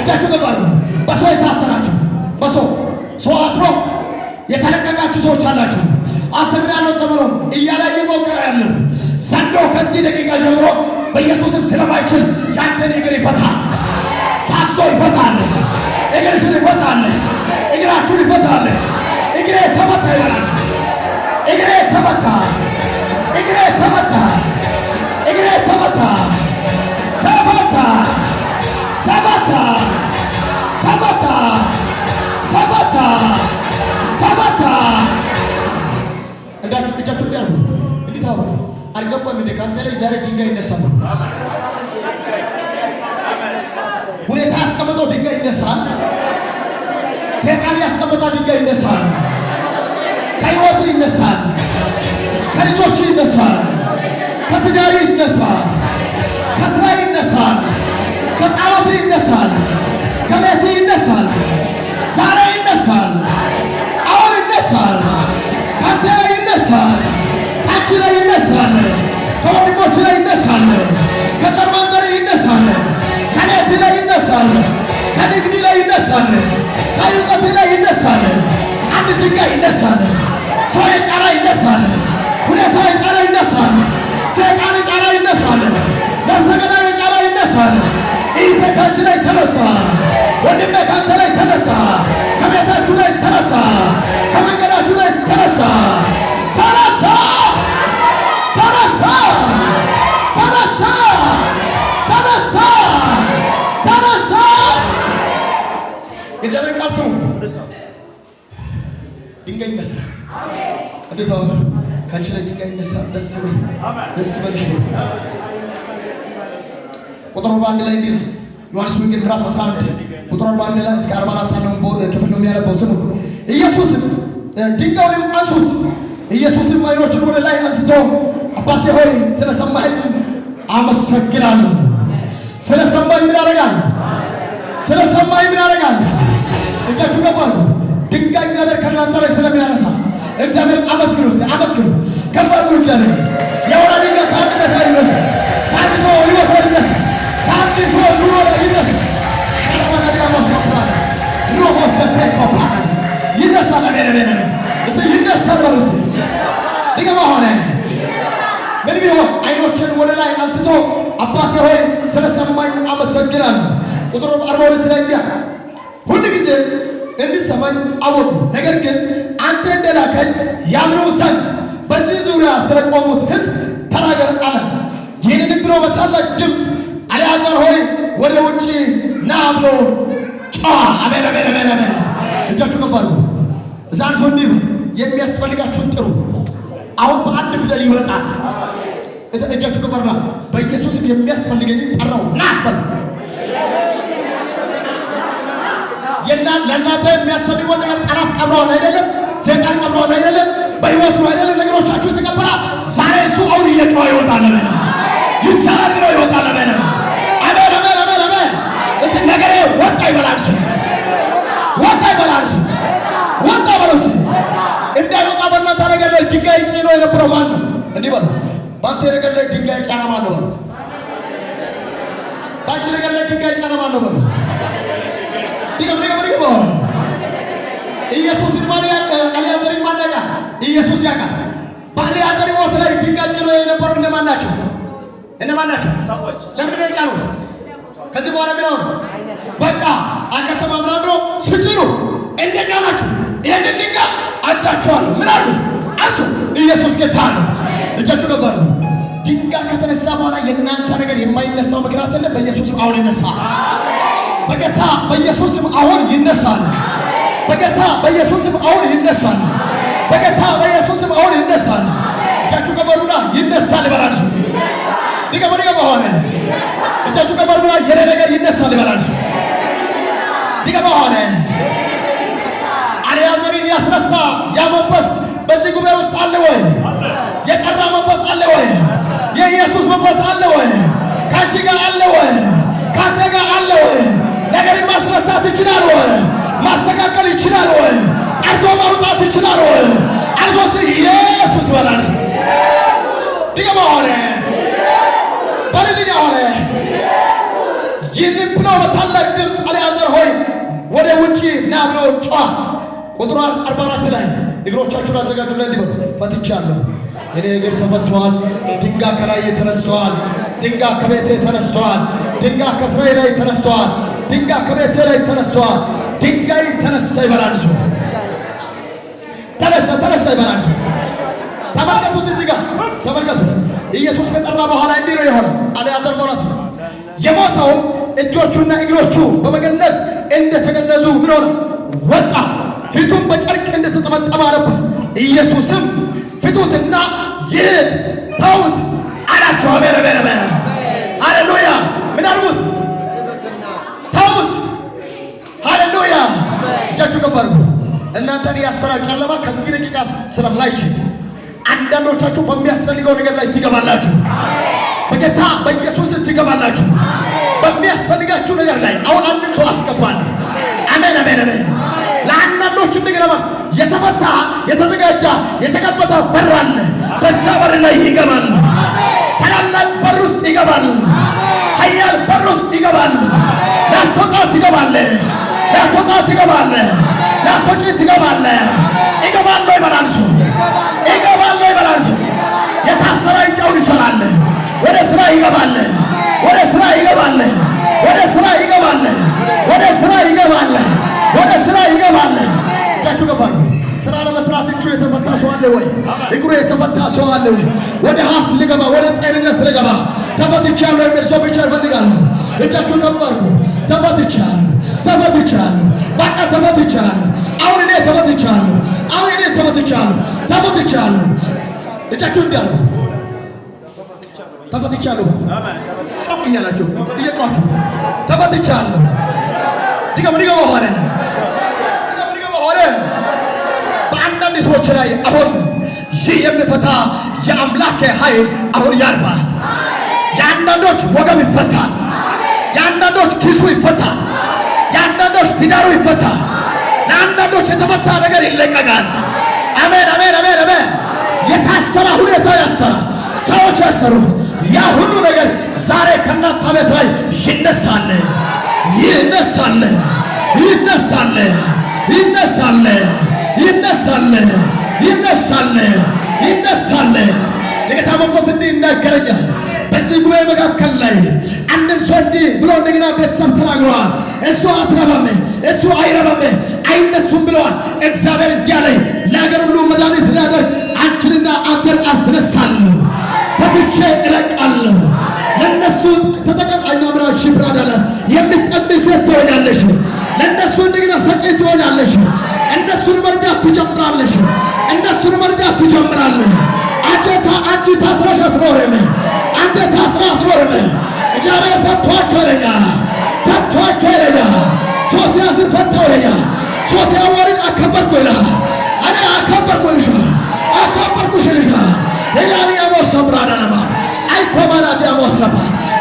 እጃችሁ ገባ አድርጉ። በሰው የታሰራችሁ በሰው ሰው አስሮ የተለቀቃችሁ ሰዎች አላችሁ። አስር ያለው ዘመኖ እያለ እየሞከረ ያለ ዘንዶ ከዚህ ደቂቃ ጀምሮ በኢየሱስም ስለማይችል ያንተን እግር ይፈታል። ታሶ ይፈታል። እግርሽን ይፈታል። እግራችሁን ይፈታል። እግሬ ተመታ ይሆናል። እግሬ ተመታ፣ እግሬ ተመታ፣ እግሬ ተመታ፣ ተመታ፣ ተመታ፣ ተመታ፣ ተመታ፣ ተመታ። እንዳችሁ እጃችሁ እንዲያርጉ እንዲህ አልገባም እንደ ካንተ ላይ ዛሬ ድንጋይ ይነሳል። ሁኔታ ያስቀመጠው ድንጋይ ይነሳል። ሴጣን ያስቀመጠው ድንጋይ ይነሳል። ከህይወት ይነሳል፣ ከልጆች ይነሳል፣ ከትዳሪ ይነሳል፣ ከስራ ይነሳል፣ ከጸሎት ይነሳል፣ ከቤት ይነሳል፣ ዛሬ ይነሳል፣ አሁን ይነሳል፣ ካንተ ላይ ይነሳል፣ ካንቺ ላይ ይነሳል፣ ከወንድሞች ላይ ይነሳል፣ ከዘርማን ዘር ይነሳል፣ ከቤት ላይ ይነሳል፣ ከንግድ ላይ ይነሳል፣ ከእውቀት ላይ ይነሳል። አንድ ድንጋይ ይነሳል። ሰው የጫና ይነሳል። ሁኔታ የጫና ይነሳል። ሰይጣን የጫና ይነሳል። ነፍሰ ገዳይ የጫና ይነሳል። ኢቴካችን ላይ ተነሳ። ወንድሜ ካንተ ላይ ተነሳ። ከቤታችሁ ላይ ተነሳ። ደስ በልሽ ነው። ቁጥር በአንድ ላይ እንዲህ ነው። ዮሐንስ ወንጌል ምዕራፍ 11 ቁጥር በአንድ ላይ እስከ 44 ያለውን ክፍል ነው የሚያነበው። ስሙ። ኢየሱስም ድንጋዩንም አንሱት። ኢየሱስም ዓይኖቹን ወደ ላይ አንስቶ አባቴ ሆይ ስለሰማኸኝ አመሰግናለሁ። ስለሰማኝ ምን አደርጋለሁ? ስለሰማኝ ምን አደርጋለሁ? እጃችሁ ገባሉ ድንጋይ እግዚአብሔር ከእናንተ ላይ ስለሚያነሳ እግዚአብሔር አመስግኑ። ውስጥ አመስግኑ ከባርጉ እግዚአብሔር የሆነ ድንጋይ ከአንድ ቤት ላይ ይነሳ፣ ከአንድ ሰው ህይወት ላይ ይነሳ፣ ከአንድ ሰው ኑሮ ላይ ይነሳ። ይነሳል ሆነ ምን ቢሆን አይኖችን ወደ ላይ አንስቶ አባቴ ሆይ ስለሰማኝ አመሰግናለሁ። ቁጥሩ አርባ ሁለት ላይ እንዲያ ሁሉ ጊዜ እንድሰማኝ አወቁ። ነገር ግን አንተ እንደላከኝ ያምነው ዘንድ በዚህ ዙሪያ ስለቆሙት ሕዝብ ተናገር አለ። ይህንንም ብሎ በታላቅ ድምፅ አልዓዛር ሆይ ወደ ውጭ ና ብሎ ጮኸ። አሜን አሜን አሜን አሜን። እጃችሁ ከፍ አድርጉ። እዛ ሰው እንዲህ የሚያስፈልጋችሁን ጥሩ። አሁን በአንድ ፊደል ይወጣል። እጃችሁ ከፍ አድርጉና በኢየሱስም የሚያስፈልገኝ ጠራው ና በል ለእናንተ የሚያስፈልገው ነገር ጠላት ቀብረዋል አይደለም፣ ሰይጣን ቀብረዋል አይደለም፣ በህይወት አይደለም፣ ነገሮቻችሁ የተቀበላ ዛሬ እሱ አሁን እየጮኸ ይወጣል። ለበነ ይቻላል ብለው ይወጣል። ለበነ አሜን፣ አሜን፣ አሜን፣ አሜን። እስ ነገሬ ወጣ ይበላል እሱ ወጣ ይበላል እሱ ወጣ በለው እሱ እንዳይወጣ በእናንተ ነገር ላይ ድንጋይ ጭኖ የነበረው ማን ነው? እንዲህ በለው በአንተ ነገር ላይ ድንጋይ ጫና ማን ነው በሉት። ነገር ላይ ድንጋይ ጫና ማን ነው በሉት ኢየሱስ ማን ያውቃል? አልያዘርን ማን ኢየሱስ ያውቃል። በአልያዘር ሕይወት ላይ ድንጋጭ ነው የነበረው እነማን ናቸው? እነማን ናቸው? ለምንድን ነው የጫኑት? ከዚህ በኋላ ምን ሆነ? በቃ አከተማ ምናምን ብሎ ስጭኑ እንደ ጫናችሁ ይህንን ድንጋይ አዛችኋለሁ። ምን አሉ? አዙ ኢየሱስ ጌታ ነው። እጃችሁ ገባሉ። ድንጋይ ከተነሳ በኋላ የእናንተ ነገር የማይነሳው ምክንያት የለም። በኢየሱስም አሁን ይነሳል። በጌታ በኢየሱስም አሁን ይነሳል። በጌታ በኢየሱስም አሁን ይነሳል። በጌታ በኢየሱስም አሁን ይነሳል። እጃችሁ ከበሩና ይነሳል ይበላልሱ ድገመ ድገመ ሆነ እጃችሁ ከበሩና የኔ ነገር ይነሳል ይበላልሱ ድገመ ሆነ አልያዘንን ያስነሳ ያ መንፈስ በዚህ ጉባኤ ውስጥ አለ ወይ? የጠራ መንፈስ አለ ወይ? የኢየሱስ መንፈስ አለ ወይ? ከአንቺ ጋር አለ ወይ? ከአንተ ጋር አለ ወይ? ነገርን ማስነሳት ይችላል ወይ? ማስተካከል ይችላል ወይ? ጠርቶ ማውጣት ይችላል ወይ? አልፎስ ኢየሱስ በላል ድገማ ሆነ በልልኛ ሆነ ይህንን ብሎ በታላቅ ድምፅ አልዓዛር ሆይ ወደ ውጪ ና ብሎ ጮኸ። ቁጥሩ 44 ላይ እግሮቻችሁን አዘጋጁ ላይ እንዲበሉ ፈትቻለሁ። እኔ እግር ተፈቷል። ድንጋ ከላይ ተነስተዋል። ድንጋ ከቤቴ ተነስተዋል። ድንጋ ከስራዬ ላይ ተነስተዋል። ድንጋ ከቤቴ ላይ ተነስተዋል። ድንጋይ ተነሳ ይበላል። ሰው ተነሳ ተነሳ ይበላል። ሰው ተመልከቱት፣ እዚህ ጋር ተመልከቱት። ኢየሱስ ከጠራ በኋላ እንዲህ ነው የሆነ አለ ያዘር ነው። የሞተውም እጆቹና እግሮቹ በመገነዝ እንደተገነዙ ምን ሆነ ወጣ። ፊቱም በጨርቅ እንደተጠመጠመ ነበር። ኢየሱስም ፍቱትና ይሂድ ተዉት አላቸው። አሜን አሜን አሜን፣ ሃሌሉያ። ምን አድርጉት ሃሌሉያ! እጃችሁ ከፍ አድርጉ። እናንተን ያሰራው ጨለማ ከዚህ ደቂቃ ስለማይችል አንዳንዶቻችሁ በሚያስፈልገው ነገር ላይ ትገባላችሁ። በጌታ በኢየሱስ ትገባላችሁ። በሚያስፈልጋችሁ ነገር ላይ አሁን አንድን ሰው አስገባለሁ። አሜን፣ አሜን፣ አሜን። ለአንዳንዶች እንደገና የተፈታ የተዘጋጀ የተከፈተ በር አለ። በዛ በር ላይ ይገባል። ታላላቅ በር ውስጥ ይገባል። ኃያል በር ውስጥ ይገባል። ላትወጣ ትገባለች። ያቶጣ ትገባለ ያቶጭ ትገባለ ይገባለ ይበላልሱ ይገባለ ይበላልሱ የታሰራ እንጨውን ይሰራል። ወደ ስራ ይገባለ ወደ ስራ ይገባለ ወደ ስራ ይገባለ ወደ ስራ ይገባለ ወደ ስራ ይገባለ እጃችሁ ገፋሉ። ስራ ለመስራት እጁ የተፈታ ሰው አለ ወይ? እግሩ የተፈታ ሰው አለ ወይ? ወደ ሀብት ልገባ ወደ ጤንነት ልገባ ተፈትቻለሁ የሚል ሰው ብቻ ይፈልጋለሁ። እጃችሁ ከፍ ተፈትቻለሁ ተፈትቻለሁ። በቃ ተፈትቻለሁ። አሁን እኔ ተፈትቻለሁ። አሁን እኔ ተፈትቻለሁ። ተፈትቻለሁ። እጃችሁ እንዲያርጉ ተፈትቻለሁ። ጮክ እያላችሁ እየጫችሁ ተፈትቻለሁ። ድገሙ ድገሙ። ሆነ በአንዳንድ ሰዎች ላይ አሁን ይህ የሚፈታ የአምላክ ኃይል አሁን ያርፋል። የአንዳንዶች ወገብ ይፈታል። የአንዳንዶች ኪሱ ይፈታል። የአንዳንዶች ትዳሩ ይፈታ፣ ለአንዳንዶች የተፈታ ነገር ይለቀቃል። አሜን፣ አሜን፣ አሜን፣ አሜን። የታሰራ ሁኔታ ያሰራ ሰዎች ያሰሩት ያ ሁሉ ነገር ዛሬ ከእናንተ ቤት ላይ ይነሳል፣ ይነሳል፣ ይነሳል፣ ይነሳል፣ ይነሳል፣ ይነሳል፣ ይነሳል። የጌታ መንፈስ እንዲህ ይናገረኛል። በዚህ ጉባኤ መካከል ላይ አንድን ሰው እንዲህ ብሎ እንደገና ቤተሰብ ተናግረዋል። እሱ አትረባም፣ እሱ አይረባም፣ አይነሱም ብለዋል። እግዚአብሔር እንዲህ አለኝ ለአገር ሁሉ መድኃኒት ሊያደርግ አንችንና አንተን አስነሳለሁ፣ ፈትቼ እለቃለሁ። ለነሱ ተጠቃቃኛ ምራሽ ሽብራዳለ የምትጠቅም ሴት ትሆናለሽ። ለእነሱ እንደገና ሰጪ ትሆናለሽ። እነሱን መርዳት ትጀምራለሽ። እነሱን መርዳት ትጀምራለሽ። አንቺ ታስረሽ አትኖርም። አንተ ታስረ አትኖርም። እግዚአብሔር ፈቷቸው ለኛ ፈቷቸው ለኛ ሶስት ያስር ፈታው ለኛ ሶስት ያወርን አከበርኩ ይላ እኔ አከበርኩ ይልሻል አከበርኩሽ ይልሻል። ሄላኒ ያሞሰብራዳ ለማ አይኮማና ዲያሞሰባ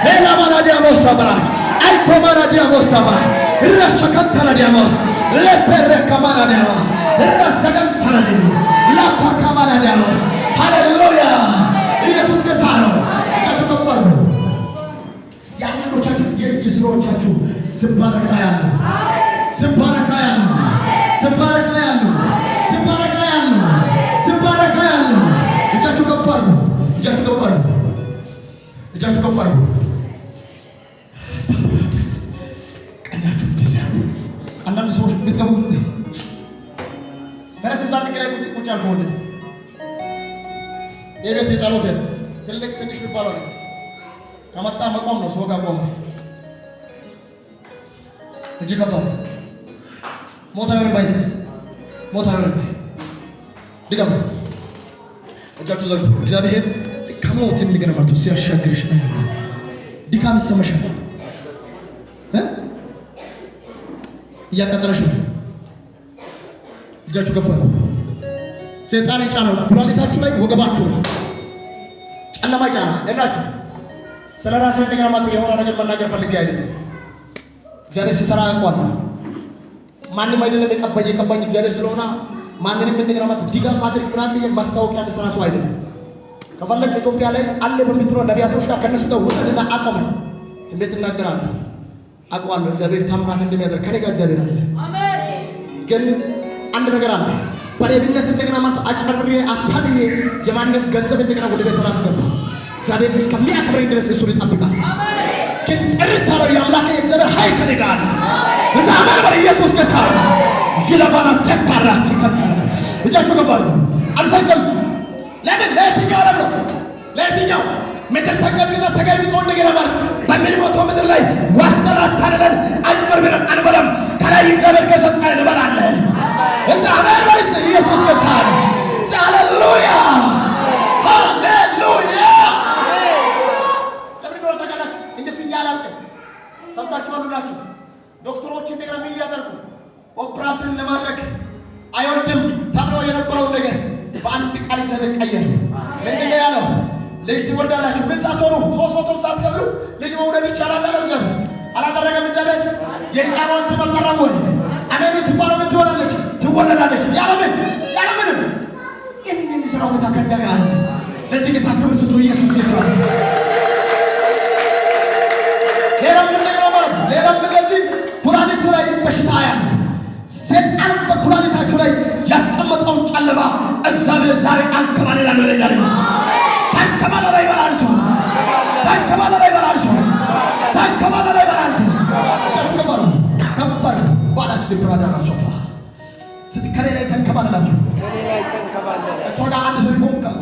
ሄላማና ዲያሞሰብራድ አይኮማና ዲያሞሰባ ረቸከተነ ዲያሞስ ለበረከማና ዲያሞስ ረሰገንተነ ዲያሞስ ላታካማና ዲያሞስ ሃሌሉያ ስራዎቻችሁ ስባረካ ያለ ስባረካ ያለ ስባረካ ያለ ስባረካ ያለ ስባረካ ያለ እጃችሁ ከፍ አድርጉ። እጃችሁ ከፍ አድርጉ። እጃችሁ ከፍ አድርጉ። ቀኛችሁ ጊዜ አንዳንድ ሰዎች የምትገቡ ተረስ እዛ ጥግ ላይ ቁጭ ያልከሆነ የቤት የጸሎት ቤት ትልቅ ትንሽ የሚባለው ነገር ከመጣ መቆም ነው። ሰው ጋር ቆመ እጅ ከባድ ሞታ ይሆንባይ ሞታ ይሆንባይ ድጋም እጃችሁ ዘርጉ። እግዚአብሔር ከሞት የሚገነ መርቶ ሲያሻግርሽ ድካም ይሰማሻል። እያቀጠለሽ ነው። እጃችሁ ገፋ። ሰይጣን የጫነው ኩላሊታችሁ ላይ ወገባችሁ ነው። ጨለማ ጫና እላችሁ ስለ ራሴ እንደገና የሆነ ነገር መናገር ፈልጌ አይደለም እግዚአብሔር ሲሰራ ያውቋል። ማንም አይደለም የቀባኝ የቀባኝ እግዚአብሔር ስለሆነ ማንንም እንደገናማት ድጋፍ ማድረግ ምናምን ማስታወቂያ የሚሰራ ሰው አይደለም። ከፈለግ ኢትዮጵያ ላይ አለ በሚትለው ነቢያቶች ጋር ከነሱ ጋር ውሰድና አቆመ። እንዴት እናገራለሁ? አውቀዋለሁ እግዚአብሔር ታምራት እንደሚያደርግ ከኔ ጋር እግዚአብሔር አለ። ግን አንድ ነገር አለ። በሌብነት እንደገና ማለት አጨርሬ አታብዬ የማንም ገንዘብ እንደገና ወደ ቤተራ አስገባ። እግዚአብሔር እስከሚያከብረኝ ድረስ እሱን ይጠብቃል። ግን ጥርት ያለው የአምላክ የእግዚአብሔር ኃይል ከኔ ጋር አለ። እዛ መንበር ኢየሱስ ጌታ ይለባና ተባራት ይከተለ እጃቸው ገባሉ አልሰቅም። ለምን ለየትኛው ዓለም ነው? ለየትኛው ምድር ተቀጥቅጠ ተገልብጦ እንደገና ማለት በምንሞተው ምድር ላይ ዋፍጠን አታለለን፣ አጭበርብረን አንበላም። ከላይ እግዚአብሔር ከሰጠን እንበላለን። እዛ መንበር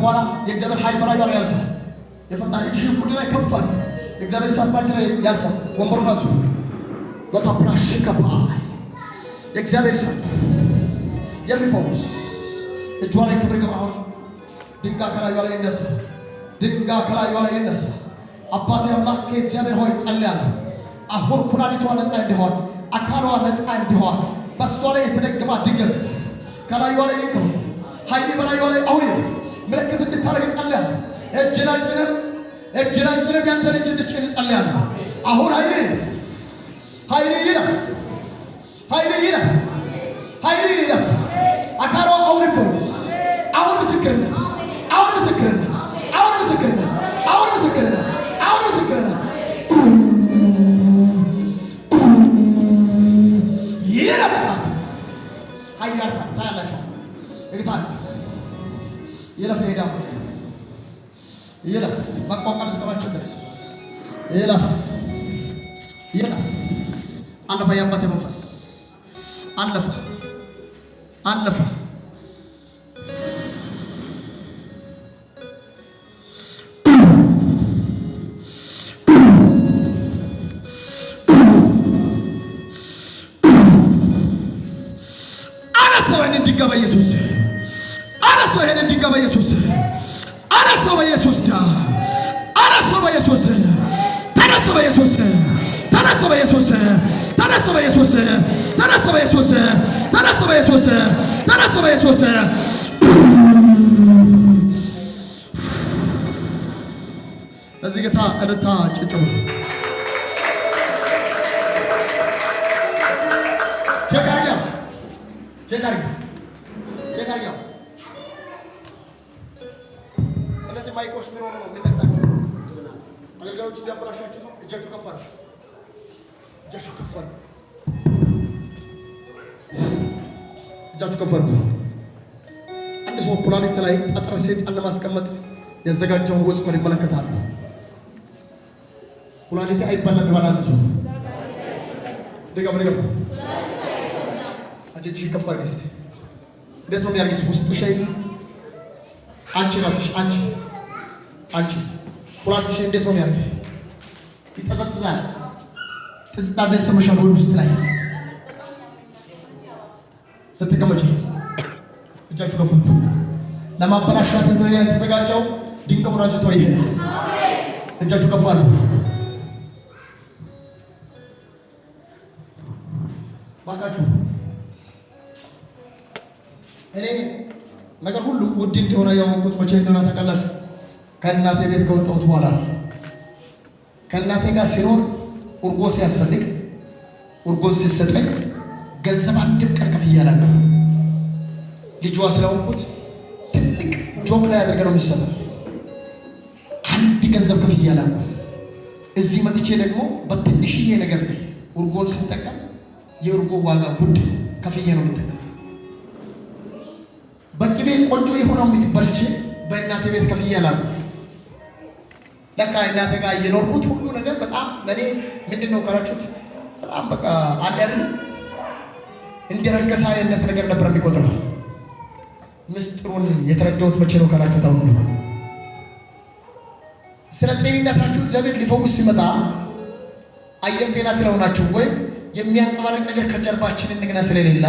በኋላ የእግዚአብሔር ኃይል በላይ ያለ ያልፋል። የፈጣን እጅሽ ጉድ ላይ ከፍ አድርጊ። የእግዚአብሔር እሳት ላይ ያልፋል። ወንበሩን አንሱ። በታፕራሽ ከባ የእግዚአብሔር እሳት የሚፈውስ እጇ ላይ ክብር ግባ። አሁን ድንጋይ ከላዩ ላይ ይነሳ። ድንጋ ከላዩ ላይ ይነሳ። አባቴ አምላክ እግዚአብሔር ሆይ ጸልያለሁ። አሁን ኩላሊቷ ነፃ እንዲሆን፣ አካሏ ነፃ እንዲሆን በእሷ ላይ የተደገማ ድንገት ከላዩ ላይ ይንቀብ። ኃይሌ በላዩ ላይ አሁን ይረፍ። ምልክት እንድታደርግ እጸልያለሁ። እጅን አጭንም እጅን አጭንም ያንተን እጅ እንድጭን እጸልያለሁ። አሁን ኃይሌ ይለፍ፣ ኃይሌ ይለፍ፣ ኃይሌ ይለፍ፣ ኃይሌ ይለፍ። አካሏ አሁን ተነስ በኢየሱስ ተነስ በኢየሱስ ተነስ በኢየሱስ ተነስ በኢየሱስ እዚህ ጌታ እልታ ጭጭው ማይኮች ምን ሆኖ ነው የሚነቅጣችሁ? አገልጋዮች እያበላሻችሁ ነው። እጃችሁ ከፋ እጃችሁ ከፍ አድርጉ። እጃችሁ ከፍ አድርጉ። አንድ ሰው ኩላሊት ላይ ጠጠር ሰይጣን ለማስቀመጥ ያዘጋጀውን ወጽመድ ይመለከታል። ኩላሊት አይበላም ይሆናል። አንድ ሰው ደጋ ደጋ አንቺ ከፍ አድርጊ እስኪ። እንዴት ነው የሚያደርግሽ? ውስጥሽ አንቺ ራስሽ አንቺ አንቺ ኩላሊትሽ እንዴት ነው ይጠዘጥዛል ቅዝቃዜ ይሰማሻል ወደ ውስጥ ላይ ስትቀመጪ እጃችሁ ከፍ ለማበላሸት የተዘጋጀው ድንቅ ሆኖ ስቶ ይሄዳል። እጃችሁ ከፍ አድርጉ። ባካችሁ እኔ ነገር ሁሉ ውድ እንደሆነ ያወቅሁት መቼ እንደሆነ ታውቃላችሁ? ከእናቴ ቤት ከወጣሁት በኋላ ከእናቴ ጋር ሲኖር ኡርጎ ሲያስፈልግ ኡርጎን ሲሰጠኝ ገንዘብ አንድም ቀን ከፍያ አላውቅም። ልጇ ስላወቁት ትልቅ ጆክ ላይ አድርገ ነው የሚሰጠው። አንድ ገንዘብ ከፍያ አላውቅም። እዚህ መጥቼ ደግሞ በትንሽዬ ነገር ኡርጎን ስጠቀም የእርጎ ዋጋ ውድ ከፍያ ነው የምጠቀም። በቅቤ ቆንጆ የሆነው ምግብ በልቼ በእናቴ ቤት ከፍያ አላውቅም። በቃ እናቴ ጋር እየኖርኩት ሁሉ ነገር ለእኔ ምንድን ነው ካላችሁት በጣም በቃ አለ አይደለም እንደረከሰ አይነት ነገር ነበር የሚቆጥረው። ምስጢሩን የተረዳሁት መቼ ነው ካላችሁት አሁን ነው። ስለ ጤንነታችሁ እግዚአብሔር ሊፈውስ ሲመጣ አየር ጤና ስለሆናችሁ ወይም የሚያንጸባርቅ ነገር ከጀርባችን እንግና ስለሌላ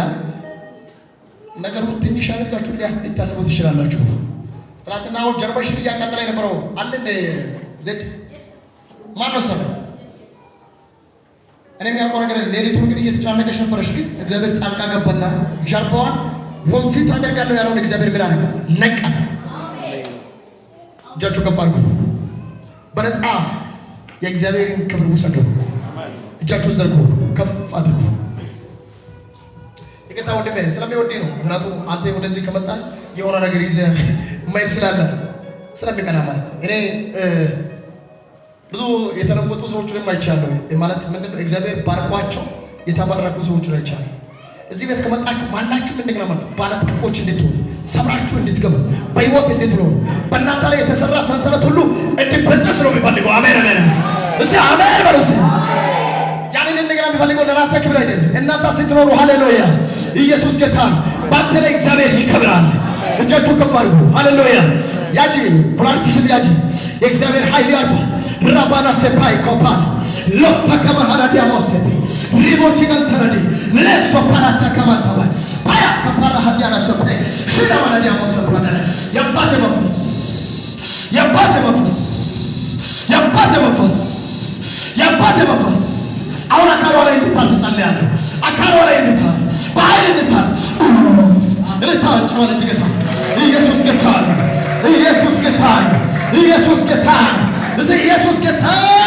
ነገሩን ትንሽ አድርጋችሁ ሊታስቡት ይችላላችሁ። ትናንትና አሁን ጀርባሽን እያቃጠላ የነበረው አለ እንደ ዘድ ማን ነው እኔ የሚያውቀው ነገር ሌሊቱን ግን እየተጨናነቀሽ ነበረሽ፣ ግን እግዚአብሔር ጣልቃ ገባና ጀርባዋን ወንፊት አደርጋለሁ ያለውን እግዚአብሔር ምን አደረገ? ነቃ። እጃችሁ ከፍ አድርጉ። በነፃ የእግዚአብሔርን ክብር ውሰዱ። እጃችሁን ዘርጉ፣ ከፍ አድርጉ። ይቅርታ ወንድሜ ስለሚወድ ነው። ምክንያቱም አንተ ወደዚህ ከመጣ የሆነ ነገር ይዘህ መሄድ ስላለ ስለሚቀና ማለት ነው እኔ ብዙ የተለወጡ ሰዎች ላይ አይቻለሁ። ማለት ምንድነው እግዚአብሔር ባርኳቸው የተባረኩ ላይ አይቻለሁ። እዚህ ቤት ከመጣችሁ ማናችሁም እንደገና ማለት ባለጠቆች እንድትሆኑ ሰብራችሁ እንድትገቡ በህይወት እንድትኖሩ በእናንተ ላይ የተሰራ ሰንሰለት ሁሉ እንድበጠስ ነው የሚፈልገው። አሜን አሜን አሜን። እስቲ አሜን በሉ። ያንን እንደገና የሚፈልገው ለራሴ ክብር አይደለም። እናንተ ስትኖሩ ሃሌሉያ ኢየሱስ ጌታ በአንተ ላይ እግዚአብሔር ይከብራል። እጃችሁ ከፍ አድርጉ። ሃሌሉያ ያጂ ፖላሪቲሽን ያጂ የእግዚአብሔር ኃይል ያርፋል። ራባና ሴፓይ ኮፓና ሎታ ከመሃናዲ አማሰቢ ሪቦች ገንተረዲ ለሶ ፓራታ ከማንተባል ፓያ ከፓራ ሀዲያና ሰብደ ሽና ማናዲ አማሰብራነ የአባቴ መንፈስ የአባቴ መንፈስ የአባቴ መንፈስ የአባቴ መንፈስ አሁን አካሏ ላይ እንድታል ትጸልያለህ። አካሏ ላይ እንድታል በኃይል እንድታል ልታጭዋለች። ጌታ ኢየሱስ ጌታ ኢየሱስ ጌታ ኢየሱስ ጌታ እዚ ኢየሱስ ጌታ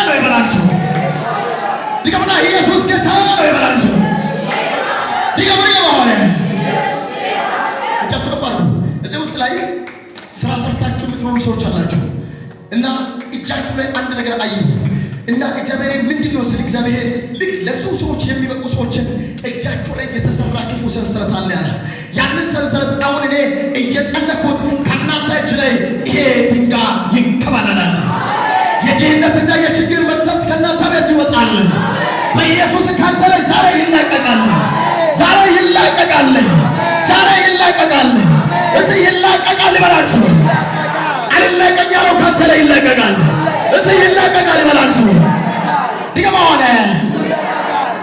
ነው ይበላል ድገምና፣ ኢየሱስ ጌታ ነው ይበላል ሰው የባሆነ እጃችሁ ከፍ አድርጉ። እዚህ ውስጥ ላይ ስራ ሰርታችሁ የምትኖሩ ሰዎች አላቸው እና እጃችሁ ላይ አንድ ነገር አይ እና እግዚአብሔር ምንድን ነው ስለ እግዚአብሔር ልክ ለብዙ ሰዎች የሚበቁ ሰዎችን እጃቸው ላይ የተሰራ ክፉ ሰንሰለት አለ ያለ ያንን ሰንሰለት አሁን እኔ እየጸለኩት ከእናንተ እጅ ላይ ይሄ ድንጋ ይንከባለላል። የድህነትና የችግር መቅሰፍት ከእናንተ ቤት ይወጣል። በኢየሱስ ካንተ ላይ ዛሬ ይላቀቃል። ዛሬ ይላቀቃል። ዛሬ ይላቀቃል። እዚህ ይላቀቃል ይበላል ሰው አልለቀቅ ያለው ካንተ ላይ ይለቀቃል። እስ ይለቀቃል። ይበላል ሰው ድገማ ሆነ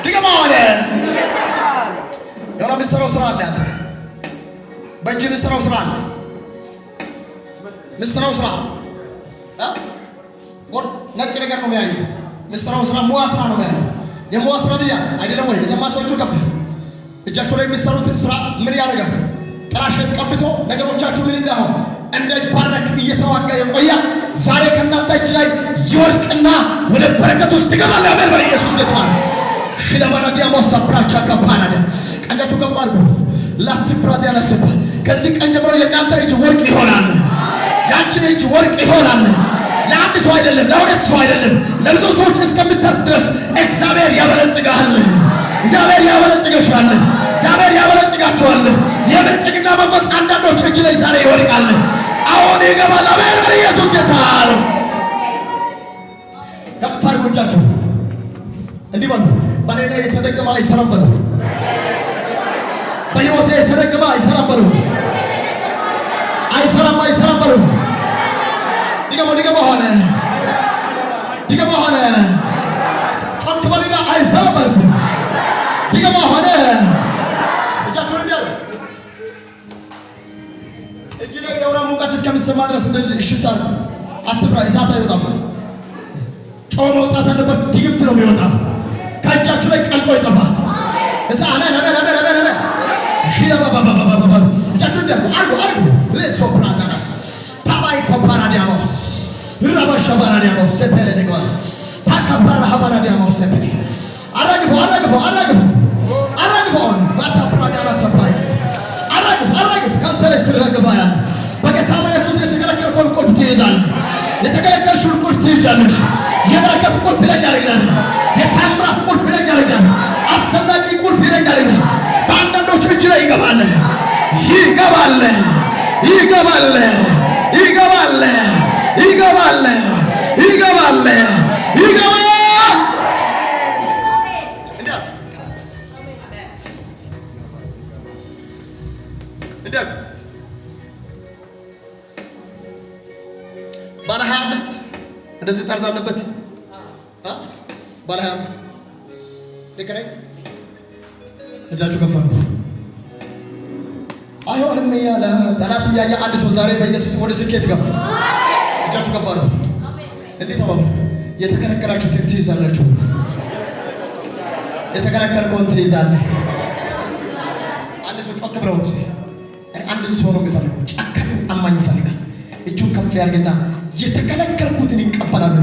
ድገማ ሆነ የሆነ የምትሰራው ስራ አለ። አንተ በእጅ የምትሰራው ስራ አለ። የምትሰራው ስራ ነጭ ነገር ነው የሚያዩ የምትሰራው ስራ ሙያ ስራ ነው የሚያዩ የሙያ ስራ ብያ አይደለም ወይ? የሰማ ሰዎቹ ከፍ እጃቸው ላይ የሚሰሩትን ስራ ምን ያደርጋል? ጥላሸት ቀብቶ ነገሮቻችሁ ምን እንዳሆን እንዳይባረክ እየተዋጋ የቆያ ዛሬ ከእናንተ እጅ ላይ ይወድቅና ወደ በረከት ውስጥ ይገባል። አሜን በል ኢየሱስ ጌታ ሽለባናዲያሞ ሰብራቻ ከፓናደ ቀንጃችሁ ከፍ አድርጉ። ላትብራት ያነስብ ከዚህ ቀን ጀምሮ የእናንተ እጅ ወርቅ ይሆናል። ያቺ እጅ ወርቅ ይሆናል። ለአንድ ሰው አይደለም፣ ለሁለት ሰው አይደለም፣ ለብዙ ሰዎች እስከምተርፍ ድረስ እግዚአብሔር ያበለጽጋል። እግዚአብሔር ያበለጽገሻል። እግዚአብሔር ያበለጽጋቸዋል። የብልጽግና መንፈስ አንዳንዶች እጅ ላይ ዛሬ ይወድቃል። አሁን ይገባል። አሜን በኢየሱስ ጌታ ነው። ከፍ አድርጉ እጃችሁ እንዲህ በሉ። በእኔ ላይ የተደገመ አይሰራም በሉ። በሕይወቴ የተደገመ አይሰራም በሉ። አይሰራም አይሰራም በሉ ድገሞ ድገሞ ሆነ ድገሞ ሆነ ጸጥ በልና አይሰራ በልስ ድገሞ ሆነ እጃችሁን እንዲያሉ እጅ ላይ የሆነ ሙቀት እስከሚሰማ ድረስ እንደዚህ እሽት አድርጉ። አትፍራ፣ እሳት አይወጣም። ጮ መውጣት አለበት። ድግምት ነው የሚወጣ ከእጃችሁ ላይ ቀልቆ ይጠፋል። እዛ አሜን አሜን አሜን አሜን ሸባራዲያማው ሰተለ ደግማስ ታካባራ ሀባራዲያማው ሰተለ አራግፎ አራግፎ አራግፎ አራግፎ አሁን ባታፕራዳራ ሰባያ አራግፍ አራግፍ ካንተለሽ ስረግፋ ያለ በጌታማ ኢየሱስ የተከለከልከውን ቁልፍ ትይዛለሽ። የተከለከልሽውን ቁልፍ ትይዣለሽ። የበረከት ቁልፍ ይለኛል እግዚአብሔር። የታምራት ቁልፍ ይለኛል እግዚአብሔር። አስደናቂ ቁልፍ ይለኛል እግዚአብሔር። በአንዳንዶች እጅ ላይ ይገባል ይገባል ይገባል ይገባል ይገባል ይገባል፣ ይገባል። ባለ ሀያ አምስት እንደዚህ ጠርዝ አለበት። ባለ ሀያ አምስት ልክ ነኝ። እጃችሁ ከፍ አይሆንም እያለ ጠላት እያየ አንድ ሰው ዛሬ በኢየሱስ ወደ ስኬት ይገባል። እጃችሁ ከፍ እንዴት አወቁ? የተከለከላችሁትን ትይዛላችሁ። የተከለከልከውን ትይዛለህ። አንድ ሰው ጮክ ብለው አንድ ሰው ነው የሚፈልገው። አማኝ ይፈልጋል። እጁን ከፍ ያድርግና የተከለከልኩትን ይቀበላሉ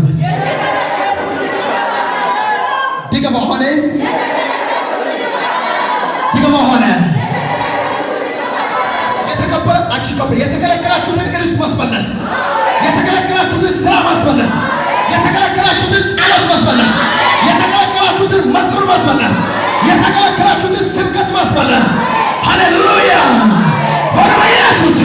ድገማ ሆነ ድገማ ሆነ አንቺ ቀብር የተከለከላችሁትን እርስ ማስመለስ፣ የተከለከላችሁትን ስራ ማስመለስ፣ የተከለከላችሁትን ጸሎት ማስመለስ፣ የተከለከላችሁትን መዝሙር ማስመለስ፣ የተከለከላችሁትን ስብከት ማስመለስ። ሃሌሉያ ሆነ በኢየሱስ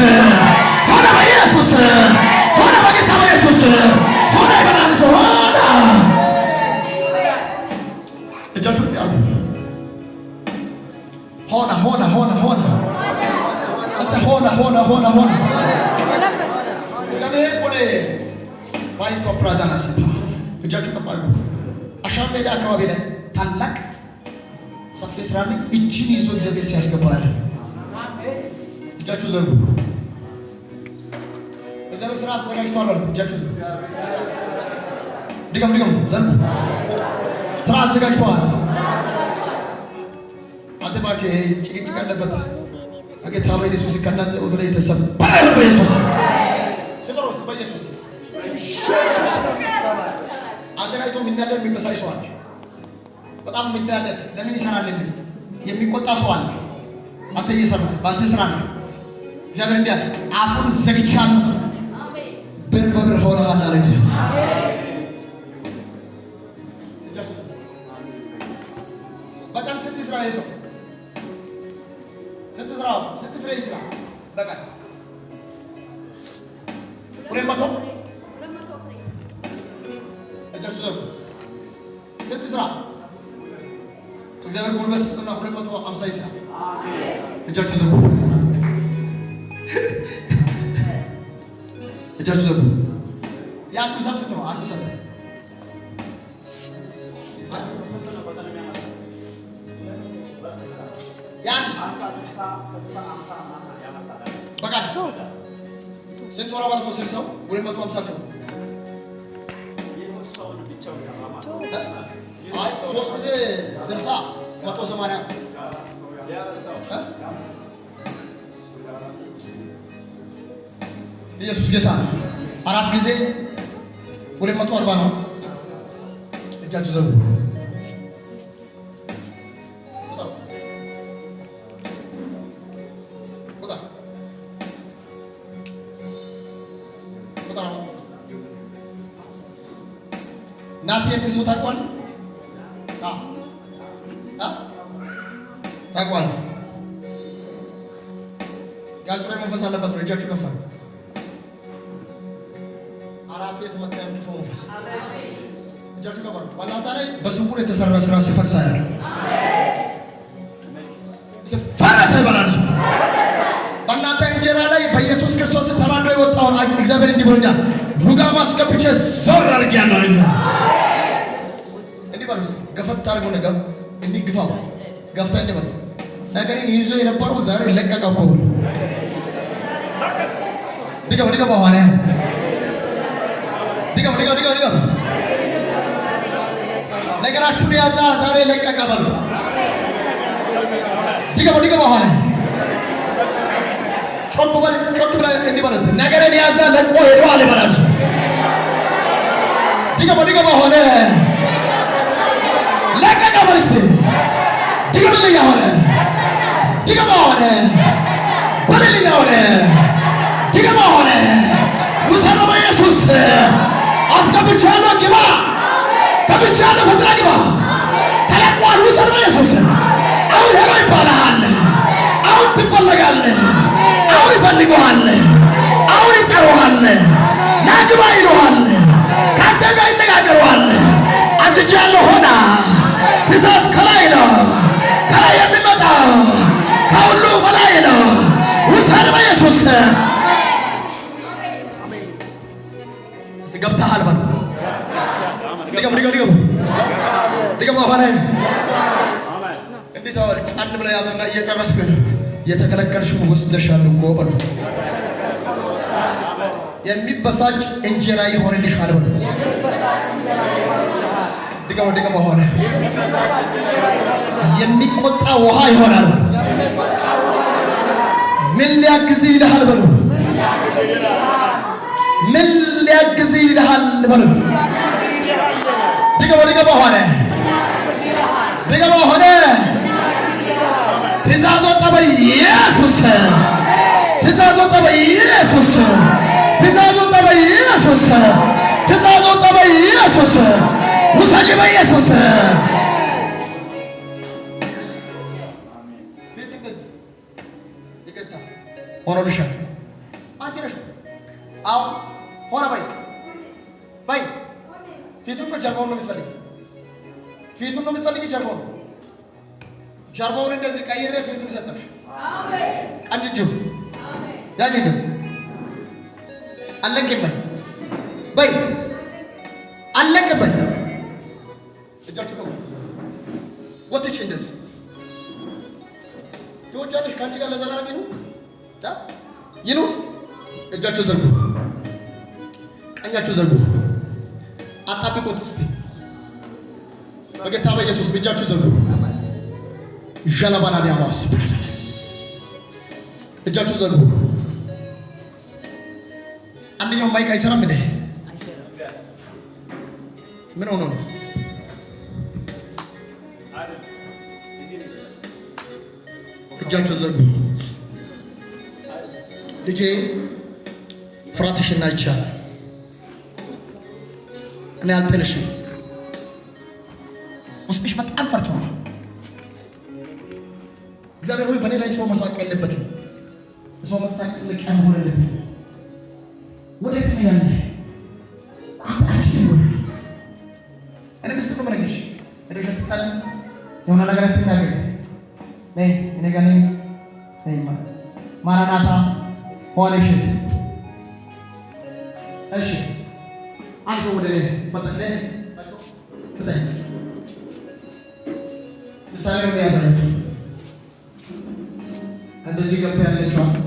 ተገፍተዋል ማለት እጃቸው ድገም ድገም ዘንቡ ስራ አዘጋጅተዋል። አንተ እባክህ ጭቅጭቅ ያለበት በጌታ በኢየሱስ ከእናንተ ወደ የተሰበረ በኢየሱስ ስበሮስ በኢየሱስ አንተን የሚናደድ የሚበሳጭ ሰው አለ። በጣም የሚናደድ ለምን ይሰራል የሚል የሚቆጣ ሰው አለ። አንተ እየሰራ በአንተ ስራ ነው። እግዚአብሔር እንዲህ አለ አፉን ዘግቻለሁ ክብር ሆነዋል አለ እግዚአብሔር። በቀን ስንት ስራ ይሰው ስንት ስራ ስንት ፍሬ ይስራ በቀን ሀምሳ ሰው ሶስት ጊዜ ስልሳ መቶ ሰማንያ ኢየሱስ ጌታ ነው። አራት ጊዜ ወደ መቶ አርባ ነው። እጃችሁ ዘቡ የሚል ሰው ታውቀዋለህ? ታውቀዋለህ? ጋጭሮ መንፈስ አለበት ነው። እጃችሁ ከፋ አራቱ የተመታ የሚክፈ መንፈስ እጃችሁ ከፋ ባላታ ላይ በስውር የተሰራ ስራ ሲፈርሳ ያለ ፈረሰ ይበላል። በእናንተ እንጀራ ላይ በኢየሱስ ክርስቶስ ተራድሮ የወጣውን እግዚአብሔር እንዲህ ብሎኛል። ሉጋ ማስገብቼ ዞር አድርጌ ያለ ገፈት አድርጎ ነገር እንዲግፋው ገፍታ እንደበል ነገርን ይዞ የነበረው ዛሬ ለቀቀ እኮ ነው። ድገም ድገም ሆነ ድገም ድገም ድገም ድገም ነገራችሁን ያዛ ዛሬ ለቀቀ በሉ። ድገም ድገም ሆነ ጮክ በል ጮክ ብለህ እንዲበል ነገርን ያዛ ለቆ ሄዶ አለ ድገም ድገም ሆነ በል እስኪ ድገምልኝ። አሁን ድገም፣ አሁን በልልኝ፣ አሁን ድገም፣ አሁን ውሰደው። በኢየሱስ አስገብቻለሁ፣ ግባ። ገብቻለሁ፣ ፈጥና ግባ። ተለቋል፣ በኢየሱስ። አሁን ሄሎ ይባልሃል፣ አሁን ትፈለጋለህ፣ አሁን ይፈልገዋል፣ አሁን ይጠሩሃል፣ ና ይለዋል፣ ከአንተ ጋር ይነጋገረዋል። አዝጃለሁ ሆና ድገው ድገው ድገው ሆነ። እንዴት አሁን ቀን ብለህ ያዘና እየቀረስኩ ነው። የተከለከልሽው ወስደሻል እኮ በሉ። የሚበሳጭ እንጀራ ይሆንልሻል በሉ። ድገው ድገው ሆነ። የሚቆጣ ውሃ ይሆናል በሉ። ምን ሊያግዝ ይልሃል በሉ። ምን ሊያግዝ ይልሃል በሉ ድገመው ድገመው ሆነ ድገመው ሆነ። ትእዛዝ ወጣ በኢየሱስ ትእዛዝ ወጣ በኢየሱስ ትእዛዝ ወጣ በኢየሱስ ትእዛዝ ወጣ በኢየሱስ ውሰጂ በኢየሱስ ሆኖልሻል። አንቺ ነሽ አዎ ሆነ በይ በይ ፊቱን ነው ጀርባውን ነው የምትፈልግ? ፊቱን ነው የምትፈልግ? ጀርባውን ጀርባውን እንደዚህ ቀይሬ ፊቱን ሰጠብሽ። አሜን። ቀኝ እጁ ያጅ እንደዚህ አለቅም በይ በይ አለቅም በይ እጃችሁ ነው ወጥቼ እንደዚህ ትወጫለሽ። ከአንቺ ጋር ለዘላለም ይኑ ይኑ። እጃችሁ ዘርጉ፣ ቀኛችሁ ዘርጉ አጥብቁት እስቲ በጌታ በኢየሱስ እጃችሁ ዘጉ። ዣላባና ዲያማስ እጃችሁ ዘጉ። አንደኛው ማይክ አይሰራም እንዴ? ምን ሆኖ ነው? እጃችሁ ዘጉ። ልጄ ፍራትሽና ይቻላል እኔ አልጥልሽም። ውስጥሽ በጣም ፈርቶ ነው። እግዚአብሔር ሆይ በእኔ ላይ ሰው መስዋዕት የለበትም። ሰው መስዋዕት ልቅ ያልሆነልብ ወዴት ነው ያለ ማራናታ ሆነሽ እሺ አንተ ወደ መጠቅደህ ምሳሌ ያሳያችሁ እንደዚህ ገብታ ያለችዋል